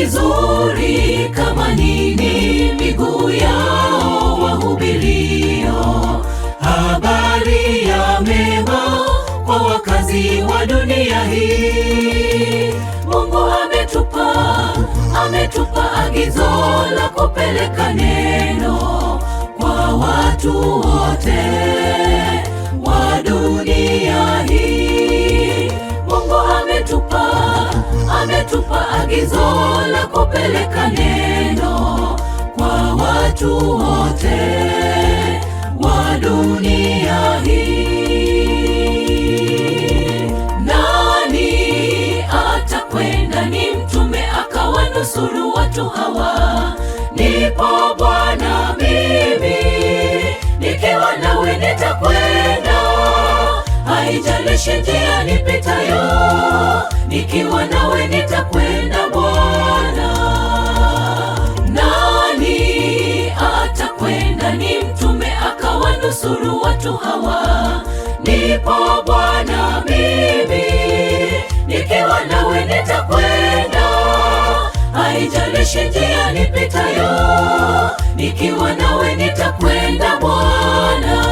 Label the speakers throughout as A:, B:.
A: vizuri kama nini miguu yao wahubirio habari ya mema kwa wakazi wa dunia hii. Mungu ametupa ametupa agizo la kupeleka neno kwa watu wote. umetupa agizo la kupeleka neno kwa watu wote wa dunia hii. Nani atakwenda? Ni mtume akawanusuru watu hawa nipo Nioneshe njia nipitayo, nikiwa nawe nitakwenda Bwana. Nani atakwenda ni mtume akawanusuru watu hawa? Nipo Bwana mimi, nikiwa nawe nitakwenda. Haijalishi njia nipitayo, nikiwa nawe nitakwenda Bwana.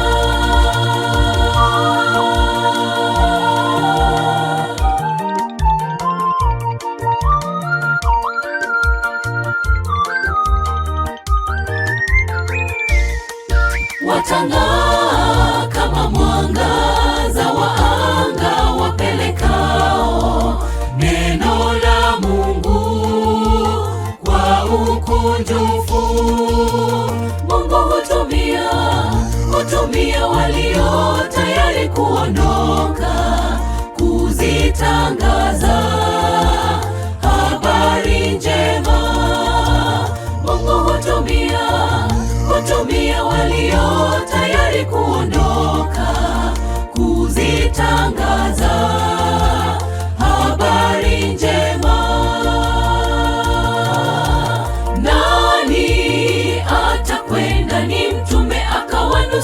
A: watang'aa kama mwangaza wa anga wapelekao neno la Mungu kwa ukunjufu. Mungu hutumia hutumia walio tayari kuondoka kuzitangaza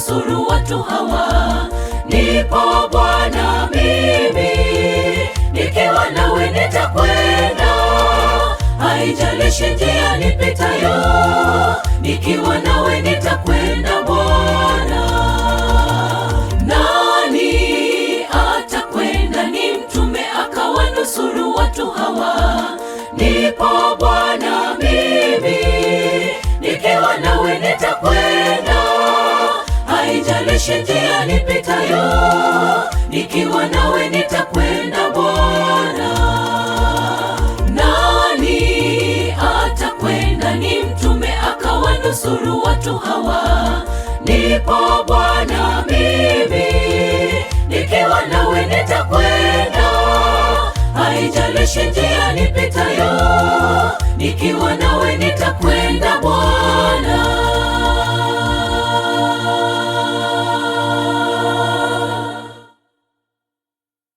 A: wanasuru watu hawa. Nipo Bwana mimi, nikiwa nawe nitakwenda, haijalishi njia nipitayo, nikiwa nawe nitakwenda Bwana. Nani atakwenda? Ni mtume akawanusuru watu hawa. Nipo Bwana mimi, nikiwa nawe nitakwenda unionyeshe njia nipitayo, nikiwa nawe nitakwenda Bwana. Nani atakwenda? Ni mtume akawanusuru watu hawa. Nipo Bwana mimi, nikiwa nawe nitakwenda, haijalishi njia nipitayo, nikiwa nawe nitakwenda Bwana.